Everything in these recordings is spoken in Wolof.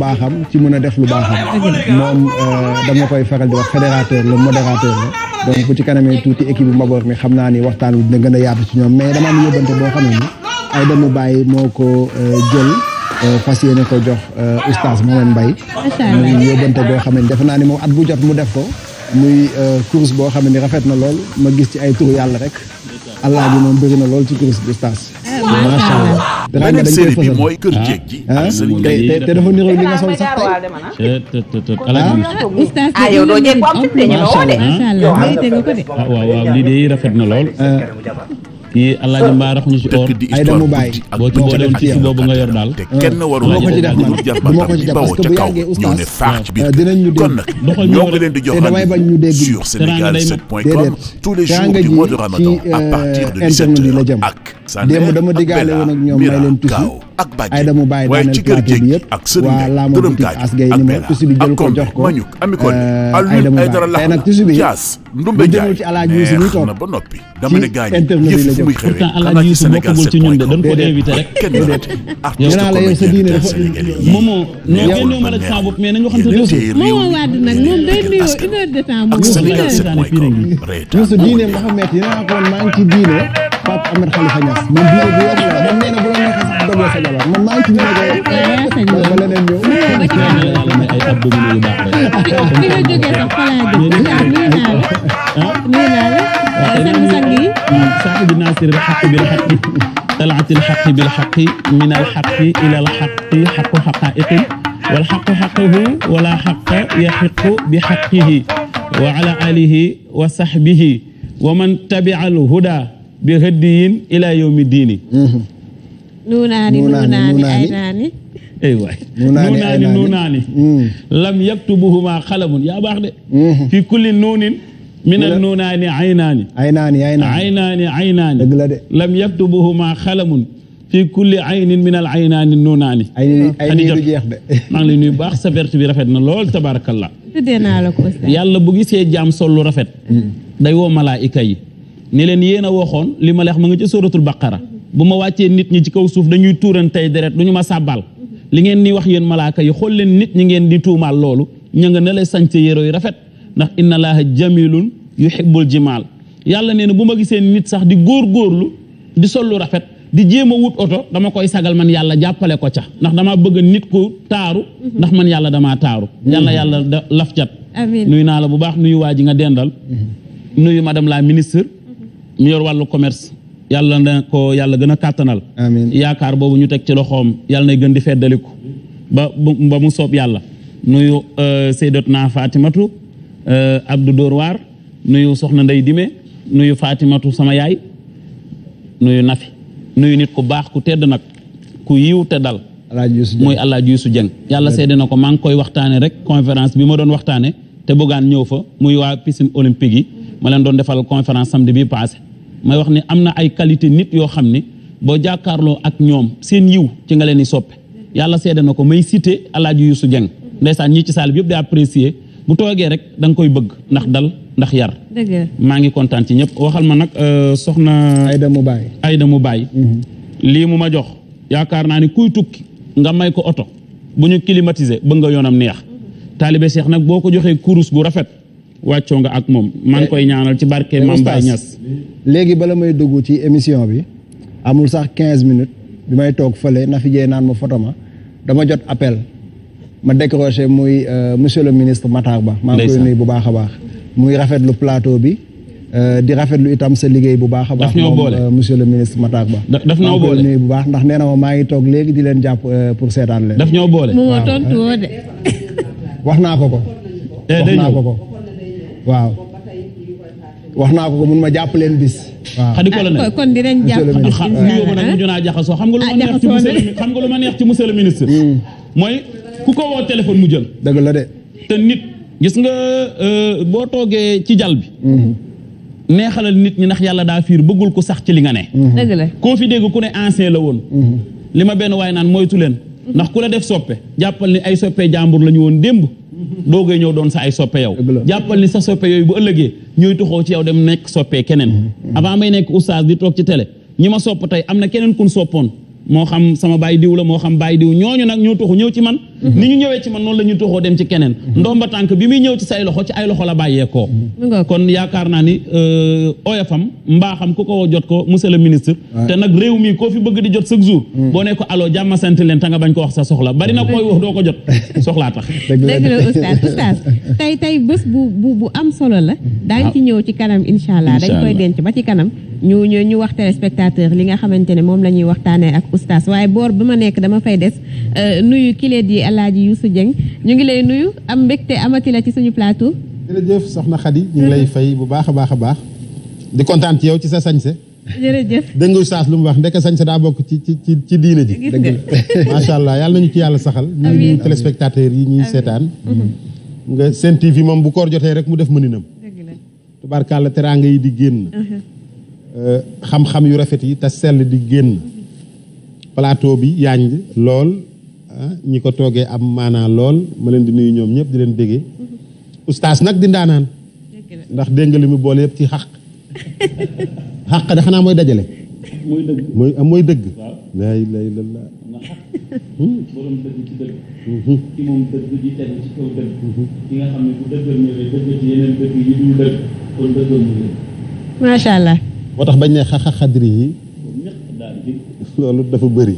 baaxam ci mën a def lu baaxam moom euh, dama koy faral di wax fédérateur la modérateur la donc bu ci kanamee tuuti équipe bu Mabor mi xam naa ni waxtaan wi dina gën a yaatu ci ñoom mais dama am yóbbante boo xam ne ni ay demu bàyyi moo ko euh, jël euh, fas ko jox oustaz Mohamed Mbaye muy yóbbante boo xam ne defe naa ni moom at bu jot mu def ko muy course boo xam ne ni rafet na lool ma gis ci ay turu yàlla rek allah bi moom bëri na lool ci course bi oustaz macha allah. beneen série bi mooy kër jéeg ji. ak sëriñ te te dafa niroo li nga sol sax tey. te te te ah yow doo jéeg ko am de. ah waaw waaw lii de rafet na lool. Ah. kii alaaji mbaa rax ñu ci or ay damu bàyyi boo ci boo doon ci boobu nga yor daal te kenn ah. waru ma ko ci def man du ma ko ci def parce que bu yàggee oustaz euh, dinañ ñu dégg doxal ñoo ngi leen di jox te damay bañ ñu dégg sur sénégal7.com tous les jours du mois de ramadan à partir de 17h ak démb dama diggaale woon ak ñoom may leen tusi ay dama bàyyi daaneel plateau bi yëpp waa laama boutique asgay ni ma tusi bi jël ko jox ko euh, ay dama bàyyi tey de dañ ko invité rek déedéet yow naa la yow de temps moom yuusu diine dafa a Pape Ahmed Khalifa Niass man bu bu yàgg la man nee na bu la neexee sax dogoo sa jabar man maa ngi ci ñëw ba leneen ñëw bi nga jógee sax fa laa jóg nuyu naa la sang sang yi mm, saahibu naasiri xaq bil xaqi talaati alxaq bil xaqi min alxaqi ila alxaqi xaqu xaqaiqi wal xaqu xaquhu wala xaqa yaxiqu bi xaqihi wa ala alihi wa sahbihi wa man tabia al huda bi hëddiyin ilaa yawmi diini mhm. nuunaani nuunaani ay naani ey waay nuunaani nuunaani mhm. lam yaktubuhuma xalamun yaa baax de mhm. fi kulli nuunin min al nuunaani ay naani ay naani ay naani ay naani dëgg la de lam yaktubuhuma xalamun fii kulli aynin min al aynaani nuunaani ay niiru jeex de maa ngi lay nuyu baax sa verte bi rafet na lool tabaarakallah tuddee naa la ko yàlla bu gisee jaam sol lu rafet day woo malaayika yi ni leen yéen a waxoon li ma leex ma nga ci sóoratul baqara bu ma wàccee nit ñi ci kaw suuf dañuy tuuran tey deret du ma sàbbal li ngeen di wax yéen malaaka yi xool leen nit ñi ngeen di tuumaal loolu ña nga ne lay sañce yére yu rafet ndax inna laaha jamilun yuhibbul jimaal yàlla nee na bu ma gisee nit sax di góor góorlu di sollu rafet di jéem a wut oto dama koy sagal man yàlla jàppale ko ca ndax dama bëgg nit ku taaru ndax man yàlla damaa taaru yàlla yàlla laf cat nuyu naa la bu baax nuyu waa ji nga dendal mm-hmm. nuyu madame la ministre mi yor wàllu commerce yàlla na ko yàlla gën a kàttanal yaakaar boobu ñu teg ci loxoom yàlla nay gën di feddaliku ba ba mu soob yàlla nuyu euh, Seydatuna Fatimatu euh, Abdou Dóor waar nuyu soxna Ndey Dime nuyu Fatimatu sama yaay nuyu Nafi nuyu nit ku baax ku tedd nag ku yiw te dal muy Alaaji Yuusu Jeng yàlla seede na ko maa ngi koy waxtaane rek conférence bi ma doon waxtaane te bëggaan ñëw fa muy waa piscine olympique yi ma leen doon defal conférence samedi bi passé may wax ne am na ay qualité nit yoo xam ne boo jàkkaarloo ak ñoom seen yiw ci nga leen di soppe yàlla seede na ko may cité Alaaji Yuusu Jeng ndeysaan ñii ci saal bi yëpp di apprécier bu toogee rek da nga koy bëgg ndax dal ndax yar maa ngi kontaan ci ñëpp waxal ma nag euh, soxna Ayda mu bàyyi Ayda mu bàyyi mhm. lii mu ma jox yaakaar naa ni kuy tukki nga may ko oto bu ñu climatiser bëgg nga yoonam neex taalibe Cheikh nag boo ko joxee kurus gu rafet wàccoo nga ak moom maa ngi koy ñaanal ci barke eh, Mame Baye Niass léegi bala may dugg ci émission bi amul sax quinze minutes bi may toog fale na fi naan ma foto ma dama jot appel ma décroché muy euh, monsieur le ministre Matar Ba maa ngi bu baax a baax muy rafetlu plateau bi euh, di rafetlu itam sa liggéey bu baax a baax moom euh, monsieur le ministre Matar Ba daf ñoo boole nuyu bu baax ndax nee na maa ngi toog léegi di leen jàpp pour seetaan leen daf ñoo boole mu tontu woo de wax naa ko ko eh, wax naa ko ko waaw wax naa ko ko mun ma jàpp leen bis. waaw xadi colonel ah, kon dinañ jàpp. Ah, xam nga lu ma ah, neex ci xam nga lu ma neex ci monsieur le ministre. Hmm. mooy ku ko woo téléphone mu jël. dëgg la de. te nit gis nga euh, boo toogee ci jal bi. Hmm. neexalal nit ñi ndax yàlla daa fiir bëggul ku sax ci li nga ne. Hmm. koo fi dégg ku ne ancien la woon. li ma benn waay naan moytu leen. ndax ku la def soppe jàppal ni ay soppe jàmbur la ñu woon démb. doogay ñëw doon sa ay soppe yow jàppal ni sa soppe yooyu bu ëllëgee ñooy tuxoo ci yow dem nekk soppee keneen mm-hmm. avant may nekk oustaz di toog ci tele ñi ma sopp tey am na keneen kun soppoon moo xam sama baay diw la moo xam baay diw ñooñu nag ñoo tuxu ñëw ci man mhm. ni ñu ñëwee ci man noon la ñuy tuxoo dem ci keneen mhm. ndomba tànk bi muy ñëw ci say loxo ci ay loxo la bàyyeekoo mhm. kon yaakaar naa ni euh, oyofam mbaaxam ku ko jot ko monsieur le ministre te nag réew mi koo fi bëgg di jot chaque jour boo ne ko allo jàmma sant leen ta bañ ko wax sa soxla bari na koy wax doo ko jot soxlaa tax tey tey bés bu bu am solo la daañ ci ah. ñëw ci kanam incha allah dañ koy denc ba ci kanam ñu ñu ñu wax téléspectateur li nga xamante ne moom la ñuy waxtaanee ak oustaz waaye boor ba ma nekk dama fay des euh, nuyu kileet yi El Hadj Youssou Dieng ñu ngi lay nuyu am mbégte amati la ci suñu plateau. jërëjëf soxna Khady ñu ngi lay fay bu baax a baax a baax di kontaan ci yow ci sa sañse. jërëjëf dégg nga oustaz lu mu wax ndeke sañse daa bokk ci ci ci diine ji. gis nga macha allah yàlla nañu ci yàlla saxal. amiin ñu nuyu téléspectateur yi ñuy seetaan. Mhm. nga seen TV moom bu koor jotee rek mu def mëninam. dëgg la tubaarkàlla teraanga yi di génn uh-huh. Euh, xam-xam yu rafet yi te sell di génn plateau bi yaañ lool ah, ñi ko toogee am maanaa lool ma leen di nuyu ñoom ñëpp di leen déggee ustaas nag di ndaanaan ndax dégg nga li mu boole yëpp ci xaq xaq de xanaa mooy dajale mooy dëgg mooy allah boo tax bañ ne xaxa xadri yi loolu dafa bëri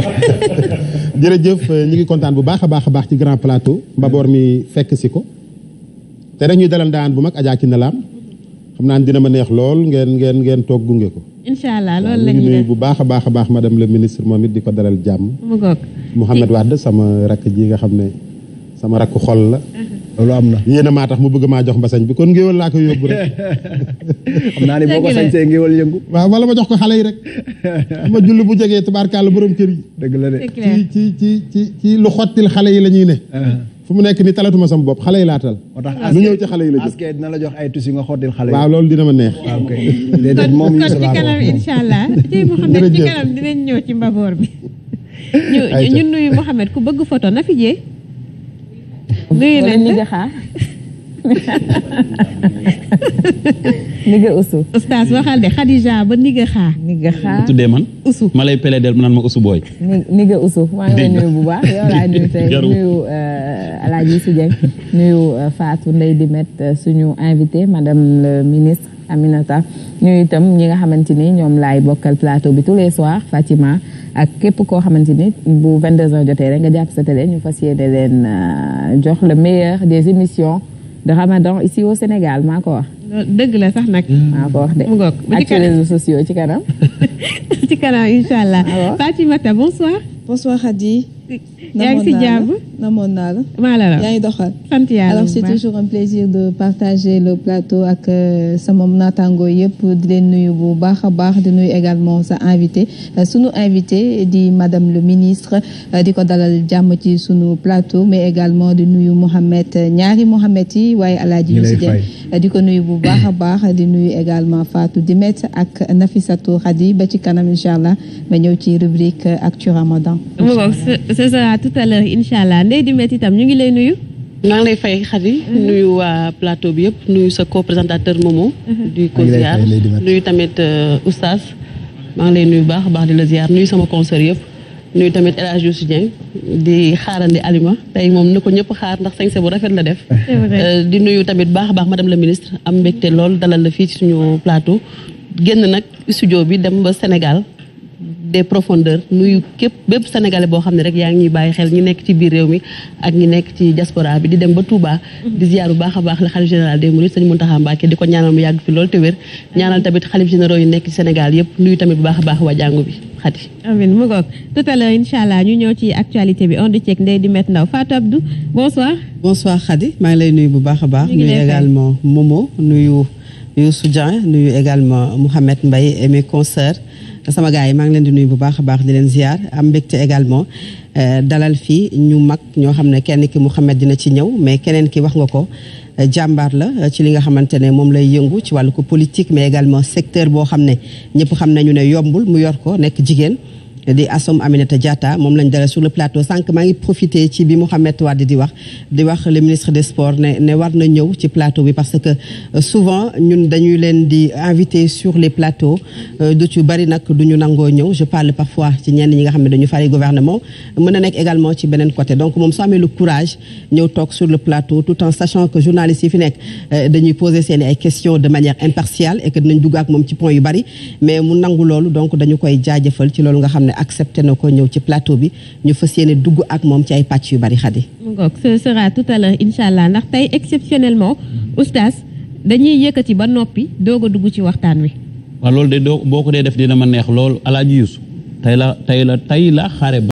jërëjëf ñu ngi kontaan bu baax a baax a baax ci grand plateau mbaboor mi fekk si ko te rek ñuy dalal daan bu mag Adja Kiné Lam xam naa dina ma neex lool ngeen ngeen ngeen toog gunge ko. incha loolu la bu baax a baax a baax dem la ministre moom it di ko dalal jàmm. mu goog Mouhamed Wade sama rakk ji nga xam ne sama rakk xol la. Uh-huh. loolu am na yéen maa tax mu bëgg maa jox mbasañ bi kon ngéwal laa ko yóbbu rek xam naa ne boo ko sañsee ngéwal yëngu waaw wala ma jox ko xale yi rek ma julli bu jegee tubaarkàlla borom kër yi dëgg la de ci ci ci ci lu xottil xale yi la ñuy ne uh-huh. fu mu nekk ni talatuma sam bopp xale yi laa tal moo tax lu ñëw ci xale yi la jóg dina la jox ay tusi nga xottil xale yi waaw loolu dina ma neex kon ci kanam incha allah tey Mouhamed ci kanam dinañ ñëw ci mbaboor bi ñu nuyu Mouhamed ku bëgg photo na fi jee nuyu nañ la wala niga usu oustaz waxal de Khadija ba niga xaa niga xaa tuddee man usu ma lay pele del ma naan ma usu booy niga usu maa ngi lay bu baax yow laa nuyu tey nuyu euh, Alaaji Youssou Dieng nuyu euh, Fatou euh, suñu invité madame le ministre Aminata nuyu itam ñi nga xamante ni ñoom lay bokkal plateau bi tous les soirs Fatima ak képp koo xamante ni bu 22h jotee rek nga jàpp sa télé ñu fas yéene leen euh, jox le meilleur des émissions de Ramadan ici au Sénégal maa ko wax. dëgg la sax nag. maa ko wax de. mu ci kanam ak réseaux sociaux ci kanam. ci kanam incha allah. Fatimata bonsoir. bonsoir Khady. yaa ngi si moon namoon naa la voilà yaa ngi c'est toujours un plaisir de partager le plateau ak euh, sama naataango yëpp di leen nuyu bu baax a baax di nuyu également sa invité euh, sunu invité di madame le ministre euh, di ko dalal jàmm ci sunu plateau mais également di nuyu Mohamed ñaari Mohamed yi waaye alaaji ñu si dem di ko nuyu bu baax a baax di nuyu également Fatou Dimet ak Nafisatou Khadi ba ci kanam incha allah ma ñëw ci rubrique actu Ramadan. ce sera tout à l'heure incha allah Ndeye Dimet itam ñu ngi lay nuyu. maa ngi lay fay Khady mhm. nuyu waa plateau bi yëpp nuyu sa co-présentateur Momo mhm. ko ziar nuyu tamit euh, oustaz maa ngi lay nuyu baax baax di la ziar nuyu sama conseil yëpp nuyu tamit El Hadj Youssou Dieng di xaarandi Alima tey moom na ko ñëpp xaar ndax sañse bu rafet la def euh, di nuyu tamit baax baax ma madame la ministre am mbégte lool dalal la fii ci suñu plateau génn nag studio bi dem ba Sénégal des profondeur nuyu képp bépp sénégalais boo xam ne rek yaa ngi ñuy bàyyi xel ñi nekk ci biir réew mi ak ñi nekk ci diaspora bi di dem ba Touba. Mm-hmm. di ziar baax a baax la xalif général des Mourides sëñ Mountakha Mbacké di ko ñaanal mu yàgg fi loolu te wér ñaanal tamit xalif généraux yu nekk ci Sénégal yëpp nuyu tamit bu baax a baax wa jàngu bi xati amin mu goog tout à l'heure allah ñu ñëw ci actualité bi on di ceeg ndey di met ndaw Fatou Abdou bonsoir bonsoir Khady maa ngi lay nuyu bu baax a baax nuyu également Momo nuyu Youssou Dieng nuyu également Mouhamed Mbaye et mes sama gars yi maa ngi leen di nuyu bu baax a baax di leen ziar am mbégte également euh, dalal fii ñu mag ñoo xam ne kenn ki Mouhamed dina ci ñëw mais keneen ki wax nga ko euh, jàmbaar la euh, ci li nga xamante ne moom lay yëngu ci wàllu ko politique mais également secteur boo xam ne ñëpp xam nañu ne yombul mu yor ko nekk jigéen. di Assom Aminata Diatta moom lañ dara sur le plateau sànq maa ngi profité ci bi Mouhamed Wade di wax di wax le ministre des sports ne war na ñëw ci plateau bi parce que euh, souvent ñun dañuy leen di invité sur les plateaux euh, du ci bari nag du ñu nangoo ñëw je parle parfois ci ñenn ñi nga xam ne dañu fari gouvernement mën na nekk également ci beneen côté donc moom soo amee le courage ñëw toog sur le plateau tout en sachant que journalistes yi fi nekk euh, dañuy poser seen ay questions de manière ci point yu dañu nga xam ne accepte na ko ñëw ci plateau bi ñu fas yéene dugg ak moom ci ay pàcc yu bari xadi ngoog tout à l'heure allah ndax tey exceptionnellement oustaz dañuy yëkkati ba noppi doog a dugg ci waxtaan wi waaw loolu de doo boo ko dee def dina ma neex loolu alaaji Yuusu tey la tey la tey la xare